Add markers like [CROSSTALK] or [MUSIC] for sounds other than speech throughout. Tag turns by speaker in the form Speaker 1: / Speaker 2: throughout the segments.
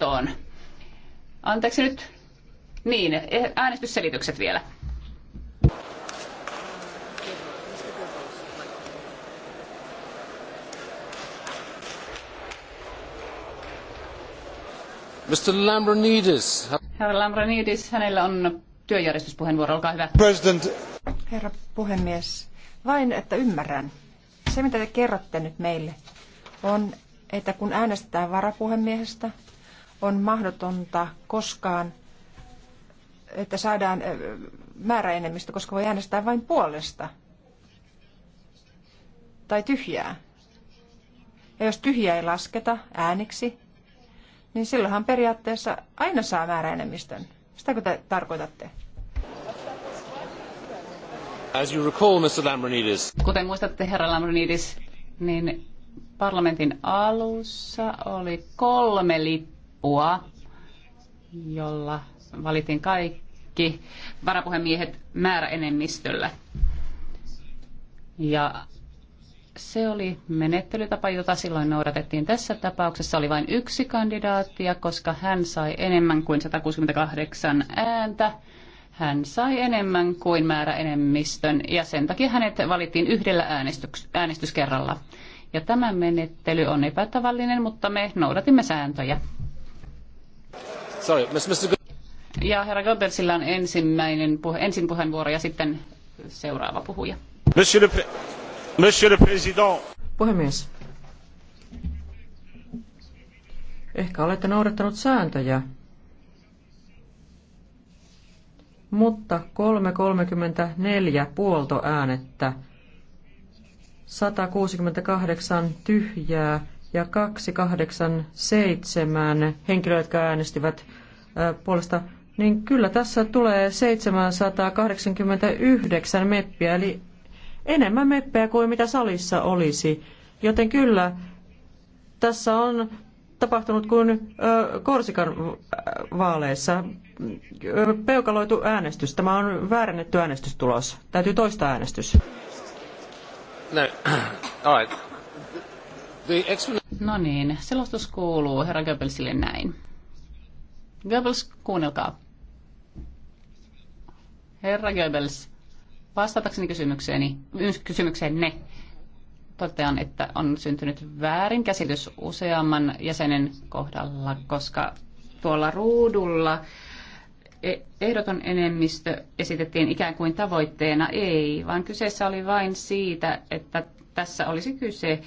Speaker 1: neuvostoon. Anteeksi nyt. Niin, eh, äänestysselitykset vielä.
Speaker 2: Mr. Lambronidis.
Speaker 1: Herra Lambronidis, hänellä on työjärjestyspuheenvuoro, olkaa hyvä. President.
Speaker 3: Herra puhemies, vain että ymmärrän. Se, mitä te kerrotte nyt meille, on, että kun äänestetään varapuhemiehestä, on mahdotonta koskaan, että saadaan määräenemmistö, koska voi äänestää vain puolesta tai tyhjää. Ja jos tyhjää ei lasketa ääniksi, niin silloinhan periaatteessa aina saa määräenemmistön. Sitäkö te tarkoitatte?
Speaker 2: As you recall, Mr. Lambrinidis.
Speaker 3: Kuten muistatte, herra Lambrinidis,
Speaker 1: niin parlamentin alussa oli kolme liittyä loppua, jolla valitin kaikki varapuhemiehet määräenemmistöllä. Ja se oli menettelytapa, jota silloin noudatettiin. Tässä tapauksessa oli vain yksi kandidaatti, ja koska hän sai enemmän kuin 168 ääntä, hän sai enemmän kuin määräenemmistön, ja sen takia hänet valittiin yhdellä äänestyks- äänestyskerralla. Ja tämä menettely on epätavallinen, mutta me noudatimme sääntöjä. Sorry, Mr. Ja herra Goebbelsillä on ensimmäinen puhe, ensin puheenvuoro ja sitten seuraava puhuja. Monsieur le, Monsieur le Président.
Speaker 2: Puhemies. Ehkä olette noudattanut sääntöjä, mutta 334 puoltoäänettä, 168 tyhjää, ja 287 henkilöä, jotka äänestivät puolesta, niin kyllä tässä tulee 789 meppiä, eli enemmän meppejä kuin mitä salissa olisi. Joten kyllä tässä on tapahtunut kuin Korsikan vaaleissa peukaloitu äänestys. Tämä on väärennetty äänestystulos. Täytyy toistaa äänestys. No, [CLEARS THROAT] all right.
Speaker 1: No niin, selostus kuuluu herra Goebbelsille näin. Goebbels, kuunnelkaa. Herra Goebbels, vastatakseni kysymykseeni, kysymykseenne, totean, että on syntynyt väärinkäsitys useamman jäsenen kohdalla, koska tuolla ruudulla e- ehdoton enemmistö esitettiin ikään kuin tavoitteena. Ei, vaan kyseessä oli vain siitä, että tässä olisi kyse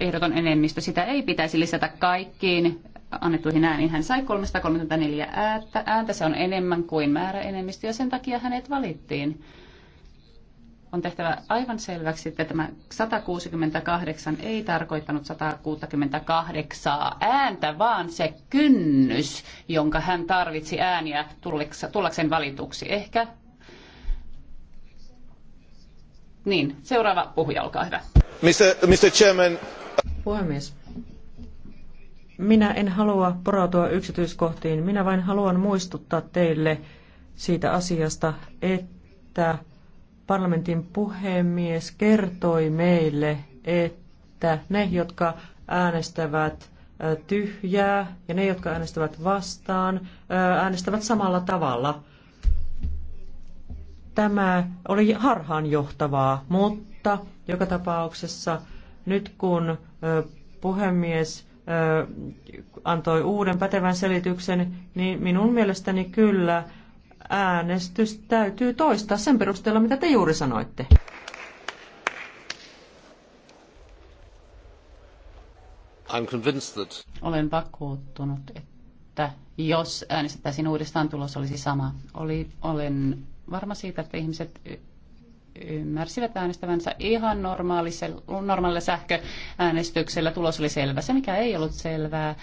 Speaker 1: ehdoton enemmistö. Sitä ei pitäisi lisätä kaikkiin annettuihin ääniin. Hän sai 334 ääntä. Se on enemmän kuin määräenemmistö ja sen takia hänet valittiin. On tehtävä aivan selväksi, että tämä 168 ei tarkoittanut 168 ääntä, vaan se kynnys, jonka hän tarvitsi ääniä tullakseen valituksi. Ehkä
Speaker 2: niin, seuraava puhuja, olkaa hyvä. Mr. Mr. Chairman, Puhemies. Minä en halua porautua yksityiskohtiin. Minä vain haluan muistuttaa teille siitä asiasta, että parlamentin puhemies kertoi meille, että ne, jotka äänestävät tyhjää ja ne, jotka äänestävät vastaan, äänestävät samalla tavalla. Tämä oli harhaanjohtavaa, mutta joka tapauksessa nyt kun puhemies antoi uuden pätevän selityksen, niin minun mielestäni kyllä äänestys täytyy toistaa sen perusteella, mitä te juuri sanoitte. I'm convinced that... Olen vakuuttunut,
Speaker 1: että jos äänestettäisiin uudestaan, tulos olisi sama. Oli, olen varma siitä, että ihmiset ymmärsivät äänestävänsä ihan normaalilla sähköäänestyksellä. Tulos oli selvä. Se, mikä ei ollut selvää,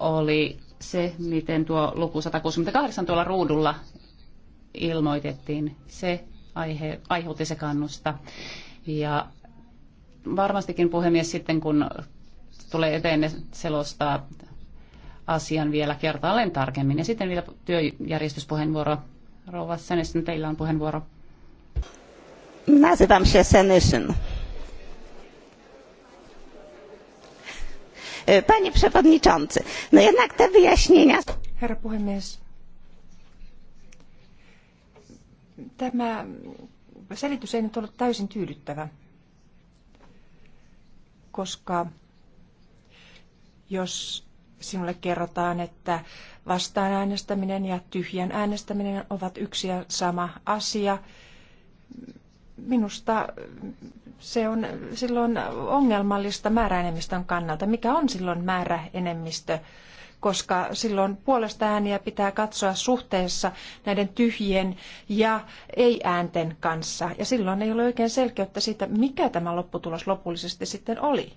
Speaker 1: oli se, miten tuo luku 168 tuolla ruudulla ilmoitettiin. Se aihe, aiheutti kannusta. Ja varmastikin puhemies sitten, kun tulee eteen, selostaa asian vielä kertaalleen tarkemmin. Ja sitten vielä työjärjestyspuheenvuoro. Rouva Sänisten, teillä on puheenvuoro. Nazywam się Senyszyn. E, Panie Przewodniczący,
Speaker 3: no jednak te wyjaśnienia... Herra puhemies. Tämä selitys ei nyt ollut täysin tyydyttävä, koska jos sinulle kerrotaan, että vastaan äänestäminen ja tyhjän äänestäminen ovat yksi ja sama asia, minusta se on silloin ongelmallista määräenemmistön kannalta. Mikä on silloin määräenemmistö? koska silloin puolesta ääniä pitää katsoa suhteessa näiden tyhjien ja ei-äänten kanssa. Ja silloin ei ole oikein selkeyttä siitä, mikä tämä lopputulos lopullisesti sitten oli.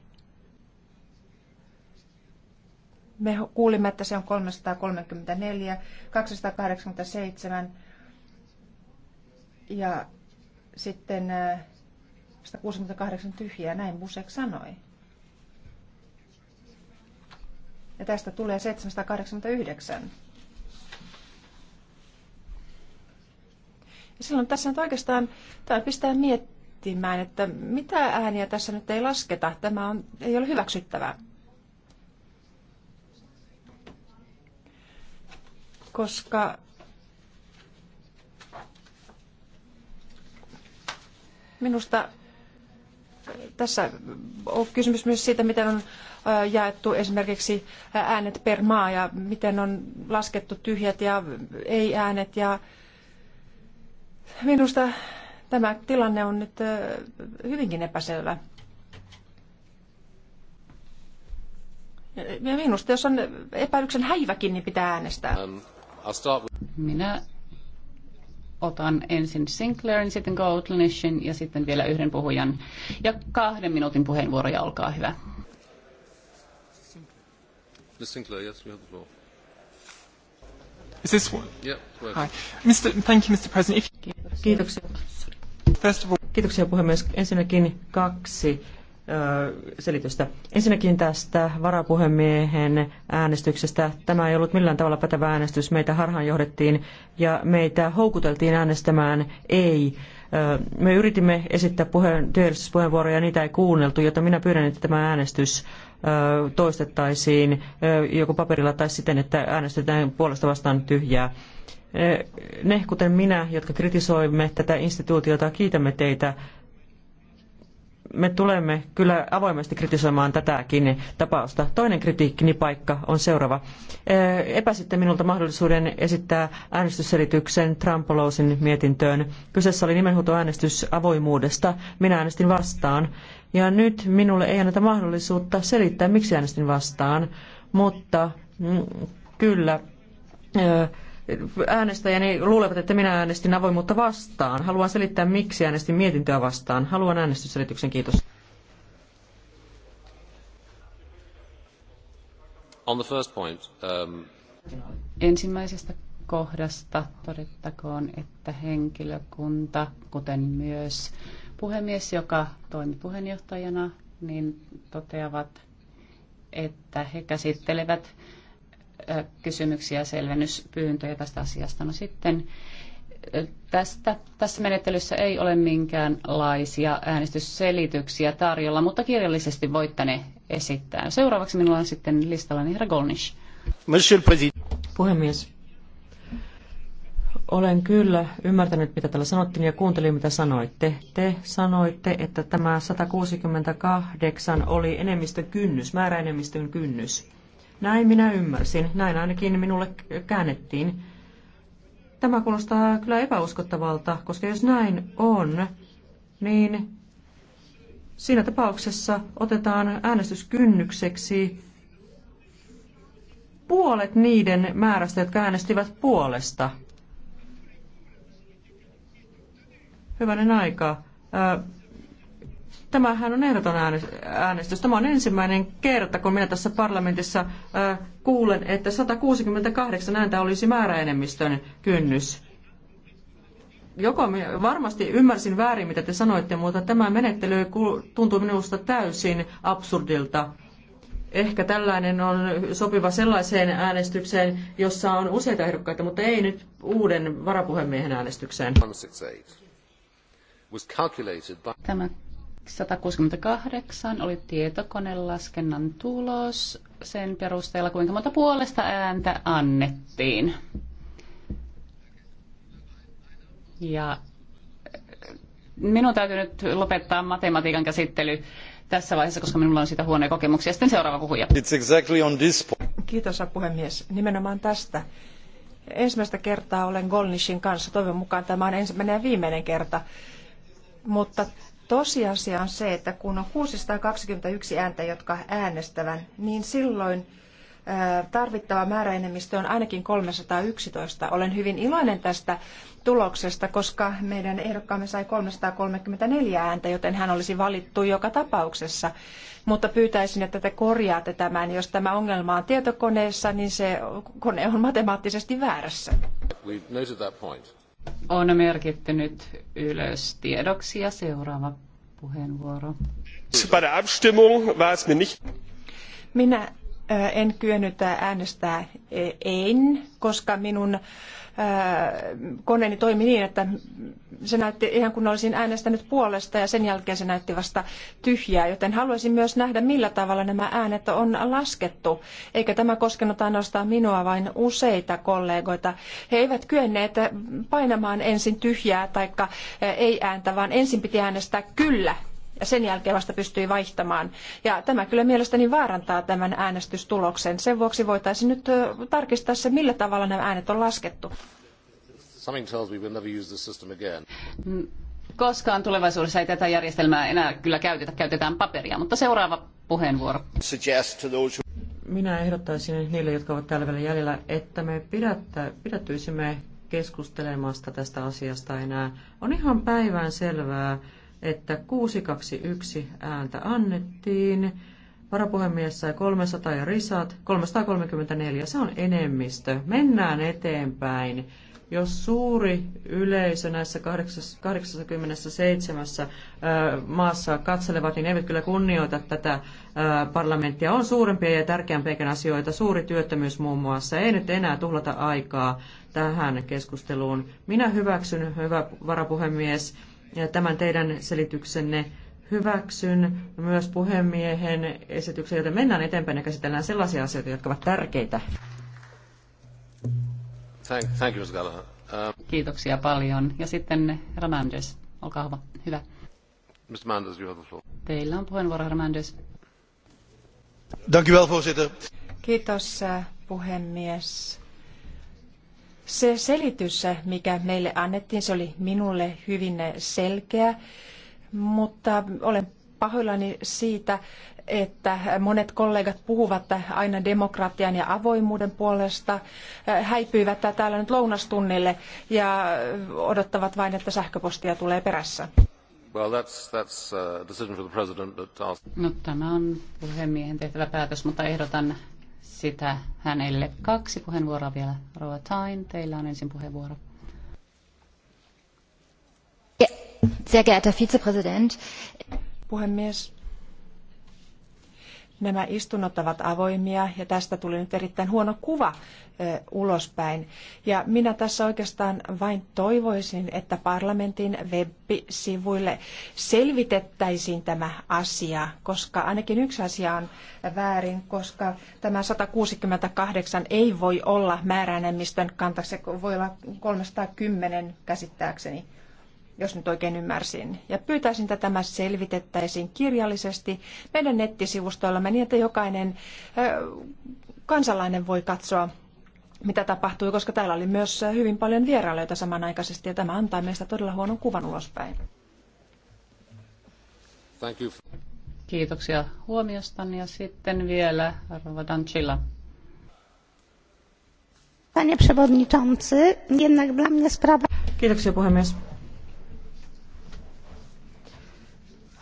Speaker 3: Me kuulimme, että se on 334, 287 ja sitten 168 äh, tyhjää, näin Busek sanoi. Ja tästä tulee 789. Ja silloin tässä nyt oikeastaan tämä pistää miettimään, että mitä ääniä tässä nyt ei lasketa. Tämä on, ei ole hyväksyttävää. Koska Minusta tässä on kysymys myös siitä, miten on jaettu esimerkiksi äänet per maa ja miten on laskettu tyhjät ja ei-äänet. Ja minusta tämä tilanne on nyt hyvinkin epäselvä. Ja minusta, jos on epäilyksen häiväkin, niin pitää äänestää. Um, Minä
Speaker 1: otan ensin Sinclairin, sitten Goldnishin ja sitten vielä yhden puhujan. Ja kahden minuutin puheenvuoroja, olkaa hyvä.
Speaker 2: Mr. Sinclair, yes, we have the floor. Is this one? Yeah, Hi. Mr. Thank you, Mr. President. If... Kiitoksia. Kiitoksia. First of all... Kiitoksia puhemies. Ensinnäkin kaksi selitystä. Ensinnäkin tästä varapuhemiehen äänestyksestä. Tämä ei ollut millään tavalla pätevä äänestys. Meitä harhaan johdettiin ja meitä houkuteltiin äänestämään ei. Me yritimme esittää puheen, työjärjestyspuheenvuoroja ja niitä ei kuunneltu, joten minä pyydän, että tämä äänestys toistettaisiin joko paperilla tai siten, että äänestetään puolesta vastaan tyhjää. Ne, kuten minä, jotka kritisoimme tätä instituutiota, kiitämme teitä me tulemme kyllä avoimesti kritisoimaan tätäkin tapausta. Toinen kritiikkini paikka on seuraava. Epäsitte minulta mahdollisuuden esittää äänestysselityksen Trampolousin mietintöön. Kyseessä oli nimenhuutoäänestys avoimuudesta. Minä äänestin vastaan. Ja nyt minulle ei anneta mahdollisuutta selittää, miksi äänestin vastaan. Mutta mm, kyllä, äänestäjäni luulevat, että minä äänestin avoimuutta vastaan. Haluan selittää, miksi äänestin mietintöä vastaan. Haluan äänestysselityksen, kiitos. On the first point, um...
Speaker 1: Ensimmäisestä kohdasta todettakoon, että henkilökunta, kuten myös puhemies, joka toimi puheenjohtajana, niin toteavat, että he käsittelevät kysymyksiä ja selvennyspyyntöjä tästä asiasta. No sitten tästä, tässä menettelyssä ei ole minkäänlaisia äänestysselityksiä tarjolla, mutta kirjallisesti voitte ne esittää. Seuraavaksi minulla on sitten listallani herra Golnish.
Speaker 2: Puhemies, olen kyllä ymmärtänyt, mitä täällä sanottiin ja kuuntelin, mitä sanoitte. Te sanoitte, että tämä 168 oli enemmistön kynnys, määräenemmistön kynnys. Näin minä ymmärsin, näin ainakin minulle käännettiin. Tämä kuulostaa kyllä epäuskottavalta, koska jos näin on, niin siinä tapauksessa otetaan äänestyskynnykseksi puolet niiden määrästä, jotka äänestivät puolesta. Hyvänen aika. Tämähän on ehdoton äänestys. Tämä on ensimmäinen kerta, kun minä tässä parlamentissa kuulen, että 168 ääntä olisi määräenemmistön kynnys. Joko varmasti ymmärsin väärin, mitä te sanoitte, mutta tämä menettely tuntuu minusta täysin absurdilta. Ehkä tällainen on sopiva sellaiseen äänestykseen, jossa on useita ehdokkaita, mutta ei nyt uuden varapuhemiehen äänestykseen. Tämä 168
Speaker 1: oli tietokonelaskennan tulos sen perusteella, kuinka monta puolesta ääntä annettiin. Ja äh, minun täytyy nyt lopettaa matematiikan käsittely tässä
Speaker 3: vaiheessa, koska minulla on siitä huonoja kokemuksia. Sitten seuraava puhuja. It's exactly on this Kiitos puhemies. Nimenomaan tästä. Ensimmäistä kertaa olen Golnishin kanssa. Toivon mukaan tämä on ensimmäinen ja viimeinen kerta. Mutta Tosiasia on se, että kun on 621 ääntä, jotka äänestävät, niin silloin tarvittava määräenemmistö on ainakin 311. Olen hyvin iloinen tästä tuloksesta, koska meidän ehdokkaamme sai 334 ääntä, joten hän olisi valittu joka tapauksessa. Mutta pyytäisin, että te korjaatte tämän. Jos tämä ongelma on tietokoneessa, niin se kone on matemaattisesti väärässä on merkitty
Speaker 1: nyt ylös
Speaker 3: tiedoksi ja seuraava puheenvuoro. Minä en kyennyt äänestää e, en, koska minun koneeni toimi niin, että se näytti ihan kun olisin äänestänyt puolesta ja sen jälkeen se näytti vasta tyhjää, joten haluaisin myös nähdä millä tavalla nämä äänet on laskettu. Eikä tämä koskenut ainoastaan minua, vain useita kollegoita. He eivät kyenneet painamaan ensin tyhjää tai ei ääntä, vaan ensin piti äänestää kyllä ja sen jälkeen vasta pystyi vaihtamaan. Ja tämä kyllä mielestäni vaarantaa tämän äänestystuloksen. Sen vuoksi voitaisiin nyt tarkistaa se, millä tavalla nämä äänet on laskettu.
Speaker 1: Mm, koskaan tulevaisuudessa ei tätä järjestelmää enää kyllä käytetä, käytetään paperia, mutta seuraava puheenvuoro.
Speaker 2: Minä ehdottaisin niille, jotka ovat täällä vielä jäljellä, että me pidättä, pidättyisimme keskustelemasta tästä asiasta enää. On ihan päivään selvää, että 621 ääntä annettiin. Varapuhemies sai 300 ja risat 334. Se on enemmistö. Mennään eteenpäin. Jos suuri yleisö näissä 87 maassa katselevat, niin eivät kyllä kunnioita tätä parlamenttia. On suurempia ja tärkeämpiä asioita. Suuri työttömyys muun muassa. Ei nyt enää tuhlata aikaa tähän keskusteluun. Minä hyväksyn, hyvä varapuhemies, tämän teidän selityksenne hyväksyn myös puhemiehen esityksen, joten mennään eteenpäin ja käsitellään sellaisia asioita, jotka ovat tärkeitä. Thank, thank you, Mr. Uh... Kiitoksia paljon.
Speaker 1: Ja sitten herra Manders, olkaa hyvä. hyvä.
Speaker 2: Mr. Manders, you have the floor.
Speaker 1: Teillä on
Speaker 3: puheenvuoro, herra Manders.
Speaker 2: Dank u wel, voorzitter.
Speaker 3: Kiitos, eh, puhemies. Se selitys, mikä meille annettiin, se oli minulle hyvin selkeä, mutta olen pahoillani siitä, että monet kollegat puhuvat aina demokratian ja avoimuuden puolesta, häipyivät täällä nyt lounastunnille ja odottavat vain, että sähköpostia tulee perässä.
Speaker 2: Well, that's, that's, uh, decision for the president
Speaker 1: no, tämä on puhemiehen tehtävä päätös, mutta ehdotan sitä hänelle. Kaksi puheenvuoroa vielä. Rova Tain, teillä on ensin puheenvuoro.
Speaker 3: Sehr geehrter Vizepräsident. Puhemies, Nämä istunnot ovat avoimia ja tästä tuli nyt erittäin huono kuva ulospäin. Ja minä tässä oikeastaan vain toivoisin, että parlamentin web-sivuille selvitettäisiin tämä asia, koska ainakin yksi asia on väärin, koska tämä 168 ei voi olla määräenemmistön kanta, se voi olla 310 käsittääkseni jos nyt oikein ymmärsin. Ja pyytäisin, että tämä selvitettäisiin kirjallisesti meidän nettisivustoillamme niin, että jokainen kansalainen voi katsoa, mitä tapahtui, koska täällä oli myös hyvin paljon vierailijoita samanaikaisesti ja tämä antaa meistä todella huonon kuvan ulospäin.
Speaker 1: Kiitoksia huomiostani ja sitten vielä Rova Dancilla.
Speaker 2: Panie przewodniczący, jednak dla mnie sprawa... Kiitoksia puhemies.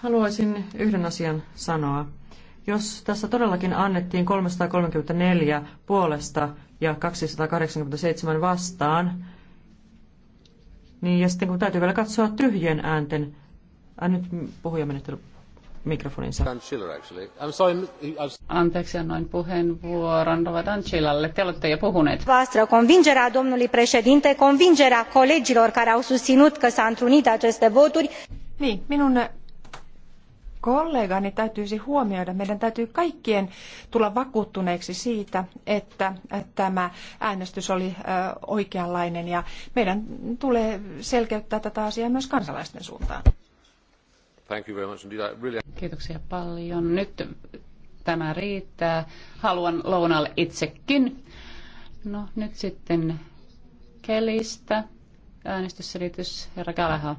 Speaker 2: Haluaisin yhden asian sanoa. Jos tässä todellakin annettiin 334 puolesta ja 287 vastaan, niin ja sitten kun täytyy vielä katsoa tyhjien äänten, äh, nyt puhuja menettely mikrofoninsa. Anteeksi, annoin puheenvuoron Rova Dancilalle.
Speaker 1: Te olette jo puhuneet. Vastra convingerea domnului președinte, convingerea colegilor care au susținut
Speaker 3: că s-a întrunit aceste voturi. Niin, minun kollegani täytyisi huomioida. Meidän täytyy kaikkien tulla vakuuttuneeksi siitä, että tämä äänestys oli oikeanlainen ja meidän tulee selkeyttää tätä asiaa myös kansalaisten suuntaan. Kiitoksia
Speaker 1: paljon. Nyt tämä riittää. Haluan lounalle itsekin. No nyt sitten Kelistä äänestysselitys, herra Galaha.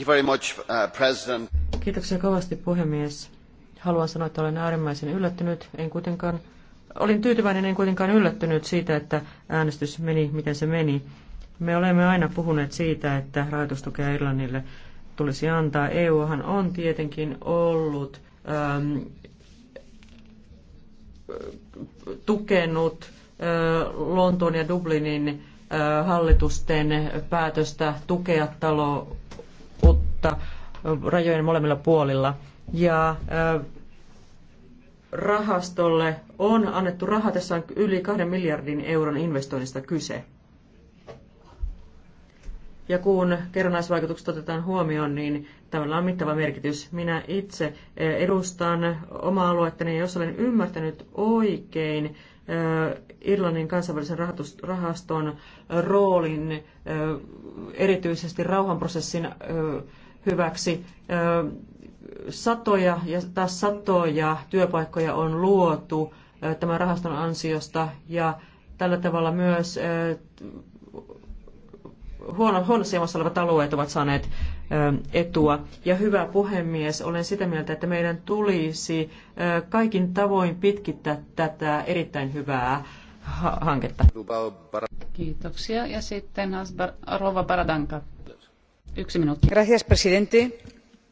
Speaker 1: Uh,
Speaker 2: Kiitoksia kovasti puhemies. Haluan sanoa, että olen äärimmäisen yllättynyt. En kuitenkaan, olin tyytyväinen, en kuitenkaan yllättynyt siitä, että äänestys meni, miten se meni. Me olemme aina puhuneet siitä, että rahoitustukea Irlannille tulisi antaa. EUhan on tietenkin ollut ähm, tukenut äh, Lontoon ja Dublinin äh, hallitusten päätöstä tukea talo taloutta rajojen molemmilla puolilla. Ja rahastolle on annettu raha, tässä on yli kahden miljardin euron investoinnista kyse. Ja kun kerrannaisvaikutukset otetaan huomioon, niin tämä on mittava merkitys. Minä itse edustan omaa aluettani, ja jos olen ymmärtänyt oikein Irlannin kansainvälisen rahaston roolin erityisesti rauhanprosessin hyväksi. Satoja ja taas satoja työpaikkoja on luotu tämän rahaston ansiosta ja tällä tavalla myös huonossa jamassa olevat alueet ovat saaneet etua. Ja hyvä puhemies, olen sitä mieltä, että meidän tulisi kaikin tavoin pitkittää tätä erittäin hyvää hanketta. Kiitoksia. Ja
Speaker 3: sitten Rova Baradanka. Yksi presidente.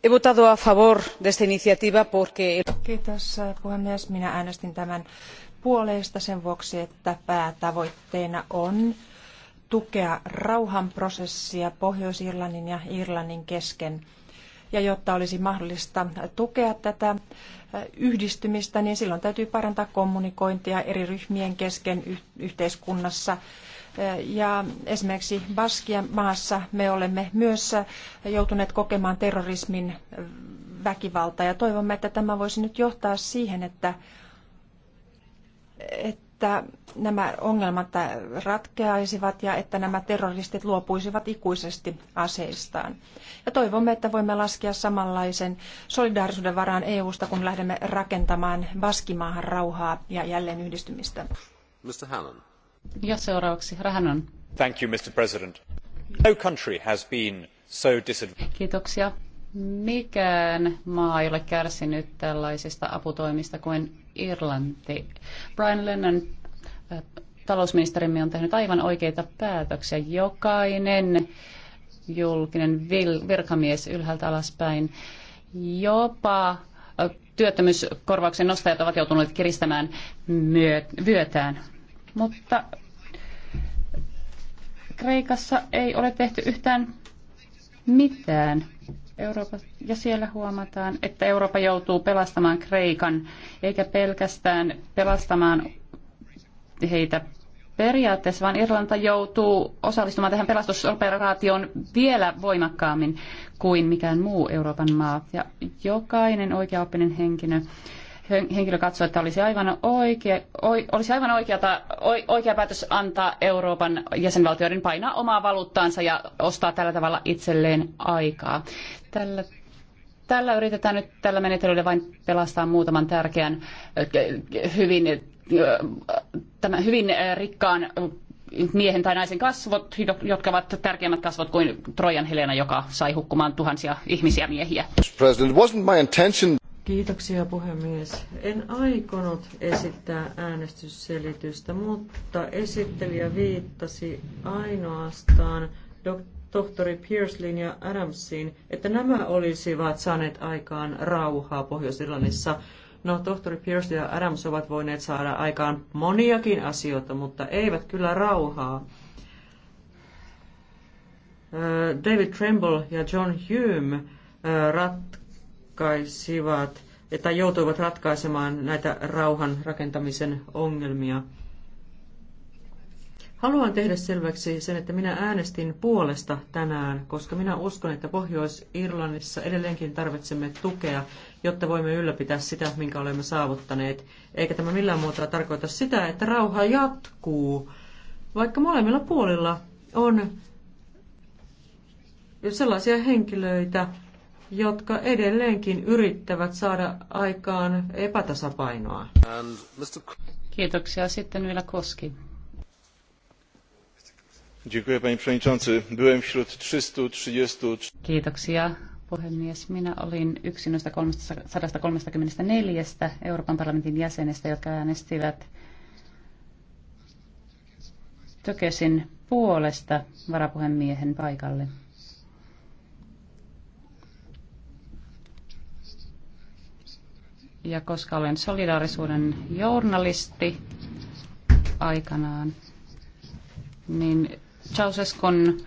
Speaker 3: He votado a favor de esta iniciativa porque... Kiitos puhemies. Minä äänestin tämän puolesta sen vuoksi, että päätavoitteena on tukea rauhanprosessia Pohjois-Irlannin ja Irlannin kesken. Ja jotta olisi mahdollista tukea tätä yhdistymistä, niin silloin täytyy parantaa kommunikointia eri ryhmien kesken yhteiskunnassa ja esimerkiksi Baskian maassa me olemme myös joutuneet kokemaan terrorismin väkivaltaa ja toivomme, että tämä voisi nyt johtaa siihen, että, että nämä ongelmat ratkeaisivat ja että nämä terroristit luopuisivat ikuisesti aseistaan. Ja toivomme, että voimme laskea samanlaisen solidaarisuuden varaan EU-sta, kun lähdemme rakentamaan Baskimaahan rauhaa ja jälleen yhdistymistä.
Speaker 2: Mr. Hannon. Thank you, Mr. President. No country has been so
Speaker 1: Kiitoksia. Mikään maa ei ole kärsinyt tällaisista aputoimista kuin Irlanti. Brian Lennon äh, talousministerimme on tehnyt aivan oikeita päätöksiä. Jokainen julkinen virkamies ylhäältä alaspäin, jopa äh, työttömyyskorvauksen nostajat ovat joutuneet kiristämään vyötään mutta Kreikassa ei ole tehty yhtään mitään. Eurooppa, ja siellä huomataan, että Eurooppa joutuu pelastamaan Kreikan, eikä pelkästään pelastamaan heitä periaatteessa, vaan Irlanta joutuu osallistumaan tähän pelastusoperaatioon vielä voimakkaammin kuin mikään muu Euroopan maa. Ja jokainen oikeaoppinen henkilö henkilö katsoi, että olisi aivan oikea, olisi aivan oikeata, oikea päätös antaa Euroopan jäsenvaltioiden painaa omaa valuuttaansa ja ostaa tällä tavalla itselleen aikaa. Tällä Tällä yritetään nyt tällä menettelyllä vain pelastaa muutaman tärkeän, äh, hyvin, äh, tämän hyvin äh, rikkaan miehen tai naisen kasvot, jotka ovat tärkeämmät kasvot kuin Trojan Helena, joka sai hukkumaan tuhansia ihmisiä miehiä.
Speaker 2: President, wasn't my intention Kiitoksia puhemies. En aikonut esittää äänestysselitystä, mutta esittelijä viittasi ainoastaan tohtori Pearslin ja Adamsin, että nämä olisivat saaneet aikaan rauhaa Pohjois-Irlannissa. No, tohtori Pearsley ja Adams ovat voineet saada aikaan moniakin asioita, mutta eivät kyllä rauhaa. David Tremble ja John Hume ratkaisivat ratkaisivat tai joutuivat ratkaisemaan näitä rauhan rakentamisen ongelmia. Haluan tehdä selväksi sen, että minä äänestin puolesta tänään, koska minä uskon, että Pohjois-Irlannissa edelleenkin tarvitsemme tukea, jotta voimme ylläpitää sitä, minkä olemme saavuttaneet. Eikä tämä millään muuta tarkoita sitä, että rauha jatkuu, vaikka molemmilla puolilla on sellaisia henkilöitä, jotka edelleenkin yrittävät saada aikaan epätasapainoa. Kiitoksia. Sitten vielä Koski.
Speaker 1: Kiitoksia, puhemies. Minä olin yksi noista 134 Euroopan parlamentin jäsenestä, jotka äänestivät Tökesin puolesta varapuhemiehen paikalle. Ja koska olen solidaarisuuden journalisti aikanaan, niin Ceausescun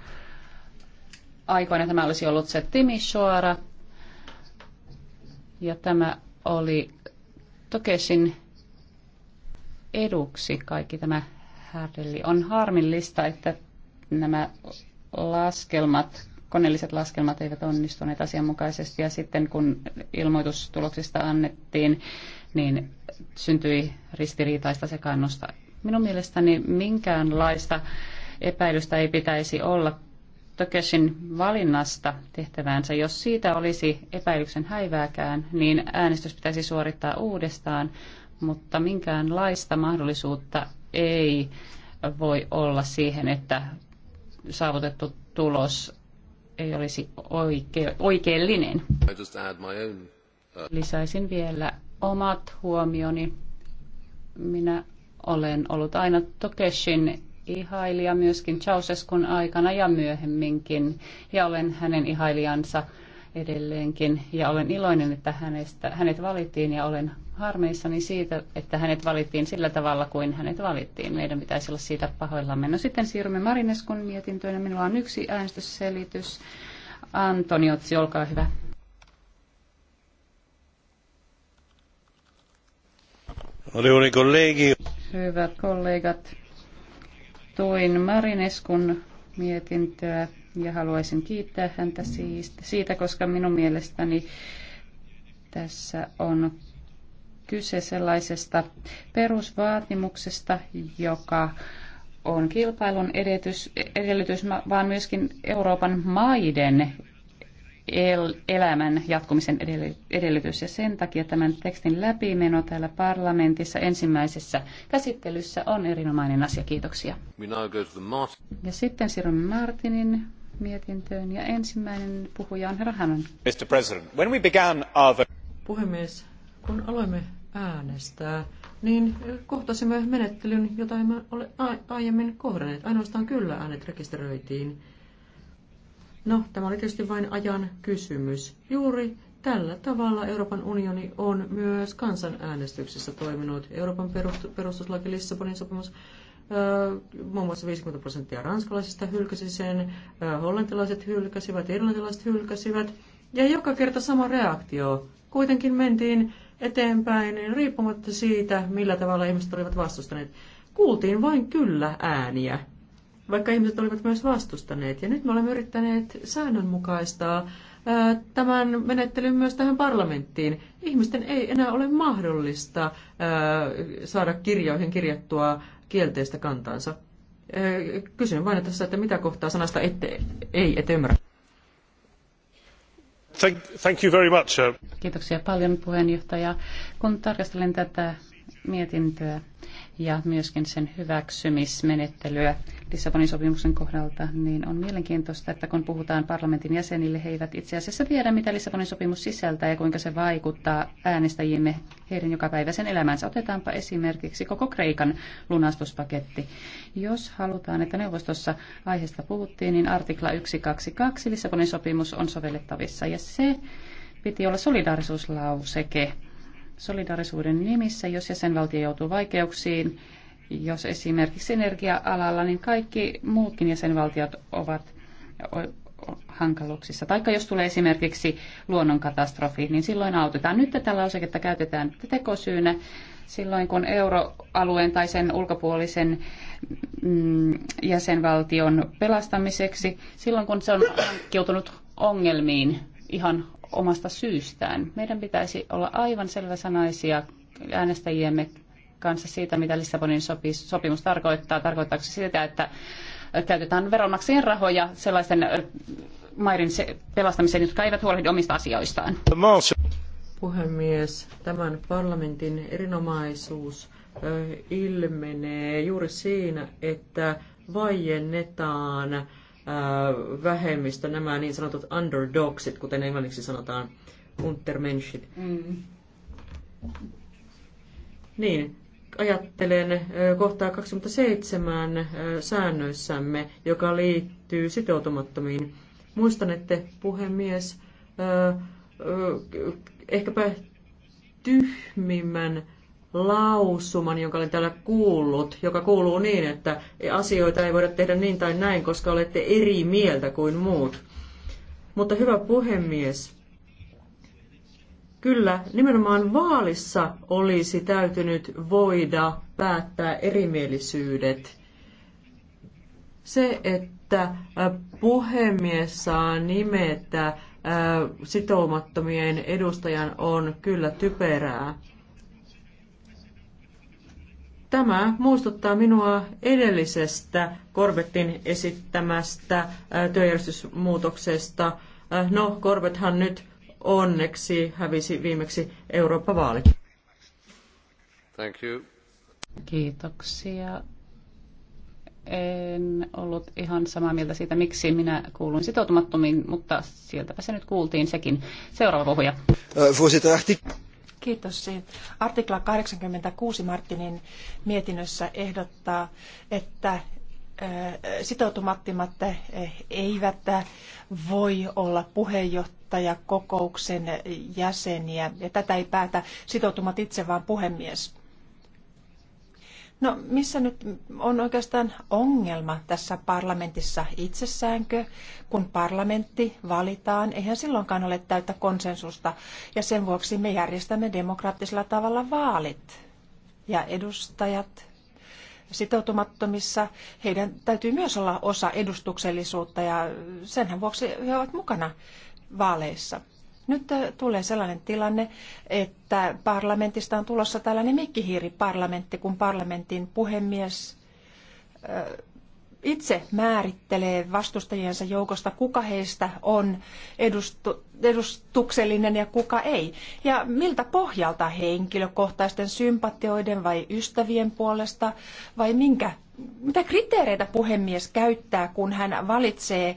Speaker 1: aikoina tämä olisi ollut se Shoara. Ja tämä oli Tokesin eduksi kaikki tämä härdelli. On harmillista, että nämä laskelmat koneelliset laskelmat eivät onnistuneet asianmukaisesti ja sitten kun ilmoitustuloksista annettiin, niin syntyi ristiriitaista sekannusta. Minun mielestäni minkäänlaista epäilystä ei pitäisi olla Tökesin valinnasta tehtäväänsä. Jos siitä olisi epäilyksen häivääkään, niin äänestys pitäisi suorittaa uudestaan, mutta minkäänlaista mahdollisuutta ei voi olla siihen, että saavutettu tulos ei olisi oike, oikeellinen.
Speaker 2: Uh,
Speaker 1: Lisäisin vielä omat huomioni. Minä olen ollut aina Tokeshin ihailija myöskin Chauseskun aikana ja myöhemminkin. Ja olen hänen ihailijansa edelleenkin. Ja olen iloinen, että hänestä, hänet valittiin ja olen harmeissani siitä, että hänet valittiin sillä tavalla kuin hänet valittiin. Meidän pitäisi olla siitä pahoillamme. No sitten siirrymme Marineskun mietintöön ja minulla on yksi äänestysselitys. Antoni Otsi, olkaa hyvä. Hyvät kollegat, tuin Marineskun mietintöä ja haluaisin kiittää häntä siitä, koska minun mielestäni tässä on kyse sellaisesta perusvaatimuksesta, joka on kilpailun edetys, edellytys, vaan myöskin Euroopan maiden el, elämän jatkumisen edellytys. Ja sen takia tämän tekstin läpimeno täällä parlamentissa ensimmäisessä käsittelyssä on erinomainen asia. Kiitoksia. Ja sitten siirrymme Martinin mietintöön ja ensimmäinen puhuja on herra Hannon.
Speaker 2: Mr. President, when we
Speaker 3: began our...
Speaker 2: Puhemies, kun aloimme äänestää, niin kohtasimme menettelyn, jota emme ole aiemmin kohdanneet. Ainoastaan kyllä äänet rekisteröitiin. No, tämä oli tietysti vain ajan kysymys. Juuri tällä tavalla Euroopan unioni on myös kansanäänestyksessä toiminut. Euroopan perustuslaki Lissabonin sopimus muun muassa 50 prosenttia ranskalaisista hylkäsi sen, hollantilaiset hylkäsivät, irlantilaiset hylkäsivät. Ja joka kerta sama reaktio. Kuitenkin mentiin eteenpäin niin riippumatta siitä, millä tavalla ihmiset olivat vastustaneet. Kuultiin vain kyllä ääniä, vaikka ihmiset olivat myös vastustaneet. Ja nyt me olemme yrittäneet säännönmukaistaa tämän menettelyn myös tähän parlamenttiin. Ihmisten ei enää ole mahdollista saada kirjoihin kirjattua kielteistä kantansa. Kysyn vain tässä, että mitä kohtaa sanasta ette, ei ette ymmärrä. Uh,
Speaker 1: Kiitoksia paljon puheenjohtaja. Kun tarkastelen tätä mietintöä, ja myöskin sen hyväksymismenettelyä Lissabonin sopimuksen kohdalta, niin on mielenkiintoista, että kun puhutaan parlamentin jäsenille, he eivät itse asiassa tiedä, mitä Lissabonin sopimus sisältää ja kuinka se vaikuttaa äänestäjimme heidän jokapäiväisen elämänsä. Otetaanpa esimerkiksi koko Kreikan lunastuspaketti. Jos halutaan, että neuvostossa aiheesta puhuttiin, niin artikla 122 Lissabonin sopimus on sovellettavissa ja se piti olla solidaarisuuslauseke solidarisuuden nimissä, jos jäsenvaltio joutuu vaikeuksiin, jos esimerkiksi energia-alalla, niin kaikki muutkin jäsenvaltiot ovat hankaluuksissa. Taikka jos tulee esimerkiksi luonnonkatastrofi, niin silloin autetaan. Nyt tätä lauseketta käytetään tekosyynä silloin, kun euroalueen tai sen ulkopuolisen mm, jäsenvaltion pelastamiseksi, silloin kun se on hankkiutunut ongelmiin ihan omasta syystään. Meidän pitäisi olla aivan selväsanaisia äänestäjiemme kanssa siitä, mitä Lissabonin sopimus tarkoittaa. Tarkoittaako se sitä, että käytetään veronmaksajien rahoja sellaisten maiden pelastamiseen, jotka eivät huolehdi omista asioistaan?
Speaker 2: Puhemies, tämän parlamentin erinomaisuus ilmenee juuri siinä, että vaiennetaan Äh, vähemmistö, nämä niin sanotut underdogsit, kuten englanniksi sanotaan, untermenschit. Mm. Niin, ajattelen äh, kohtaa 27 äh, säännöissämme, joka liittyy sitoutumattomiin. Muistan, että puhemies ehkäpä tyhmimmän lausuman, jonka olen täällä kuullut, joka kuuluu niin, että asioita ei voida tehdä niin tai näin, koska olette eri mieltä kuin muut. Mutta hyvä puhemies, kyllä nimenomaan vaalissa olisi täytynyt voida päättää erimielisyydet. Se, että puhemies saa nimetä sitoumattomien edustajan on kyllä typerää. Tämä muistuttaa minua edellisestä Corbettin esittämästä äh, työjärjestysmuutoksesta. Äh, no, Corbethan nyt onneksi hävisi viimeksi Eurooppa-vaalit. Thank you.
Speaker 1: Kiitoksia. En ollut ihan samaa mieltä siitä, miksi minä kuulun sitoutumattomiin, mutta sieltäpä se nyt kuultiin sekin. Seuraava puhuja.
Speaker 3: Uh, Kiitos. Artikla 86 Martinin mietinnössä ehdottaa, että sitoutumattomat eh, eivät voi olla puheenjohtajakokouksen jäseniä. Ja tätä ei päätä sitoutumat itse, vaan puhemies. No missä nyt on oikeastaan ongelma tässä parlamentissa itsessäänkö, kun parlamentti valitaan, eihän silloinkaan ole täyttä konsensusta ja sen vuoksi me järjestämme demokraattisella tavalla vaalit ja edustajat sitoutumattomissa, heidän täytyy myös olla osa edustuksellisuutta ja senhän vuoksi he ovat mukana vaaleissa. Nyt äh, tulee sellainen tilanne, että parlamentista on tulossa tällainen mikkihiiriparlamentti, kun parlamentin puhemies äh, itse määrittelee vastustajiensa joukosta, kuka heistä on edustu, edustuksellinen ja kuka ei. Ja miltä pohjalta henkilökohtaisten sympatioiden vai ystävien puolesta vai minkä, mitä kriteereitä puhemies käyttää, kun hän valitsee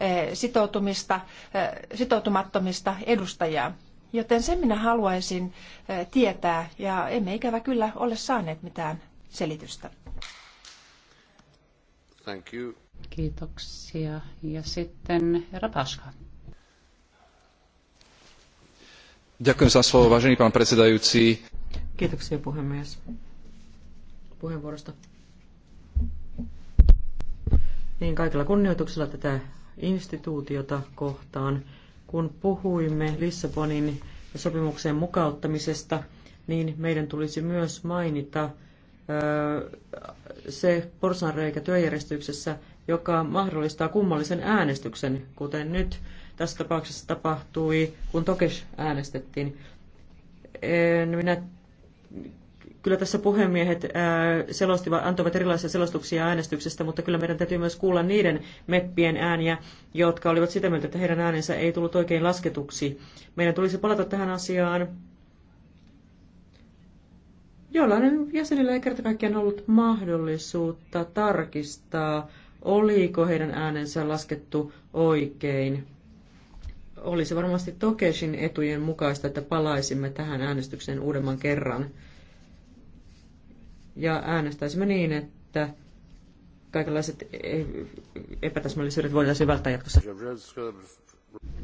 Speaker 3: eh, sitoutumista, eh, sitoutumattomista edustajia. Joten sen minä haluaisin eh, tietää ja emme ikävä kyllä ole saaneet mitään selitystä.
Speaker 2: Thank you.
Speaker 1: Kiitoksia. Ja sitten herra Paska. Ďakujem za slovo, vážený pán predsedajúci.
Speaker 2: Kiitoksia puhemies puheenvuorosta. Niin kaikilla kunnioituksella tätä instituutiota kohtaan. Kun puhuimme Lissabonin sopimukseen mukauttamisesta, niin meidän tulisi myös mainita se porsanreikä työjärjestyksessä, joka mahdollistaa kummallisen äänestyksen, kuten nyt tässä tapauksessa tapahtui, kun Tokes äänestettiin. En minä, kyllä tässä puhemiehet selostivat, antoivat erilaisia selostuksia äänestyksestä, mutta kyllä meidän täytyy myös kuulla niiden meppien ääniä, jotka olivat sitä mieltä, että heidän äänensä ei tullut oikein lasketuksi. Meidän tulisi palata tähän asiaan jollainen jäsenillä ei kerta kaikkiaan ollut mahdollisuutta tarkistaa, oliko heidän äänensä laskettu oikein. Olisi varmasti Tokeshin etujen mukaista, että palaisimme tähän äänestykseen uudemman kerran. Ja äänestäisimme niin, että kaikenlaiset e- e- epätäsmällisyydet voitaisiin välttää jatkossa.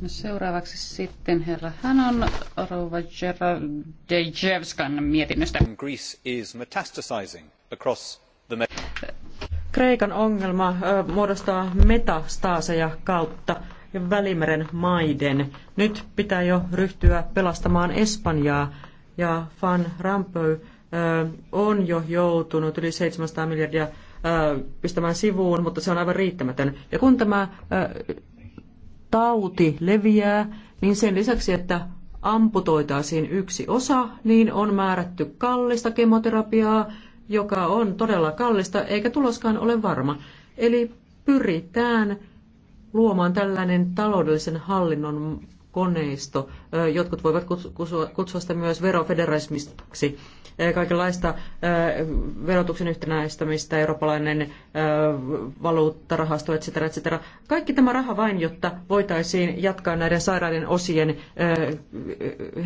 Speaker 1: No seuraavaksi sitten herra Hanon rouva Dejevskan mietinnöstä. Greece is metastasizing
Speaker 2: across the Kreikan ongelma muodostaa metastaaseja kautta Välimeren maiden. Nyt pitää jo ryhtyä pelastamaan Espanjaa ja Van Rampöy on jo joutunut yli 700 miljardia pistämään sivuun, mutta se on aivan riittämätön. Ja kun tämä tauti leviää, niin sen lisäksi, että amputoitaisiin yksi osa, niin on määrätty kallista kemoterapiaa, joka on todella kallista, eikä tuloskaan ole varma. Eli pyritään luomaan tällainen taloudellisen hallinnon koneisto. Jotkut voivat kutsua sitä myös verofederalismiksi. Kaikenlaista verotuksen yhtenäistämistä, eurooppalainen valuuttarahasto, etc. etc. Kaikki tämä raha vain, jotta voitaisiin jatkaa näiden sairaiden osien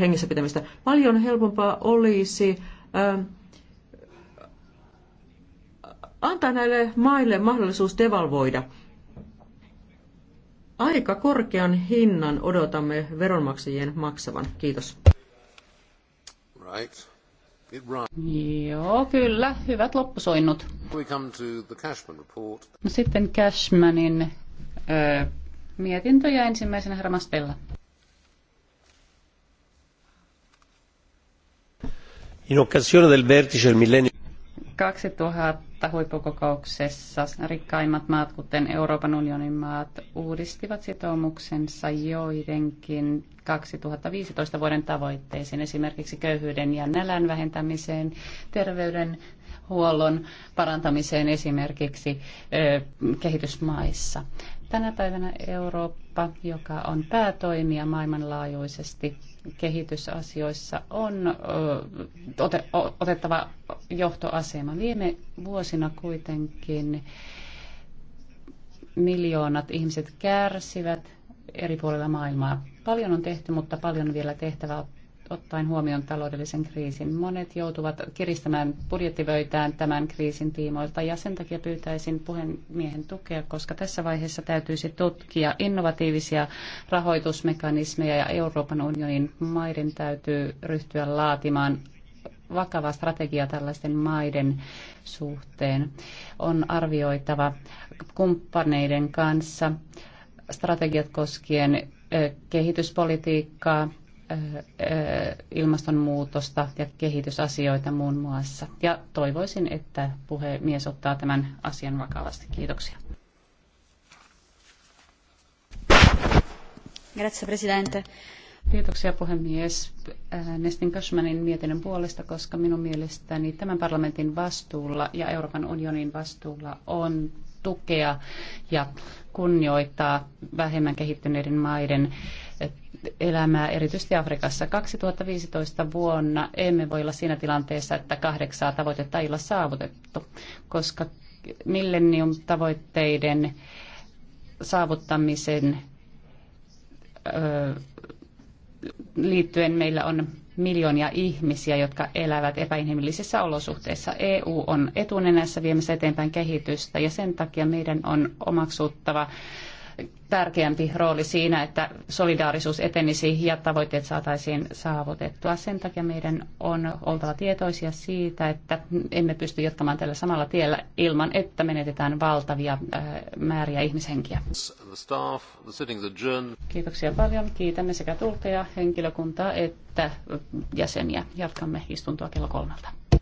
Speaker 2: hengissä pitämistä. Paljon helpompaa olisi antaa näille maille mahdollisuus devalvoida – Aika korkean hinnan odotamme veronmaksajien maksavan. Kiitos. Right. Joo, kyllä.
Speaker 1: Hyvät loppusoinnut. No sitten Cashmanin ö, mietintöjä ensimmäisenä herra Mastella. In occasione del vertice del millennio 2000 että huippukokouksessa rikkaimmat maat, kuten Euroopan unionin maat, uudistivat sitoumuksensa joidenkin 2015 vuoden tavoitteisiin, esimerkiksi köyhyyden ja nälän vähentämiseen, terveydenhuollon parantamiseen esimerkiksi ö, kehitysmaissa. Tänä päivänä Eurooppa, joka on päätoimija maailmanlaajuisesti, kehitysasioissa on otettava johtoasema. Viime vuosina kuitenkin miljoonat ihmiset kärsivät eri puolilla maailmaa. Paljon on tehty, mutta paljon vielä tehtävää ottaen huomioon taloudellisen kriisin. Monet joutuvat kiristämään budjettivöitään tämän kriisin tiimoilta ja sen takia pyytäisin puhemiehen tukea, koska tässä vaiheessa täytyisi tutkia innovatiivisia rahoitusmekanismeja ja Euroopan unionin maiden täytyy ryhtyä laatimaan vakava strategia tällaisten maiden suhteen. On arvioitava kumppaneiden kanssa strategiat koskien kehityspolitiikkaa, ilmastonmuutosta ja kehitysasioita muun muassa. Ja toivoisin, että puhemies ottaa tämän asian vakavasti. Kiitoksia. Grazie, Presidente. Kiitoksia puhemies Nestin Cashmanin mietinnön puolesta, koska minun mielestäni tämän parlamentin vastuulla ja Euroopan unionin vastuulla on tukea ja kunnioittaa vähemmän kehittyneiden maiden elämää erityisesti Afrikassa. 2015 vuonna emme voi olla siinä tilanteessa, että kahdeksaa tavoitetta ei ole saavutettu, koska millennium-tavoitteiden saavuttamisen ö, liittyen meillä on miljoonia ihmisiä, jotka elävät epäinhimillisissä olosuhteissa. EU on etunenässä viemässä eteenpäin kehitystä ja sen takia meidän on omaksuttava tärkeämpi rooli siinä, että solidaarisuus etenisi ja tavoitteet saataisiin saavutettua. Sen takia meidän on oltava tietoisia siitä, että emme pysty jatkamaan tällä samalla tiellä ilman, että menetetään valtavia äh, määriä ihmishenkiä. Kiitoksia paljon. Kiitämme sekä tulkkeja, henkilökuntaa että jäseniä. Jatkamme istuntoa kello kolmelta.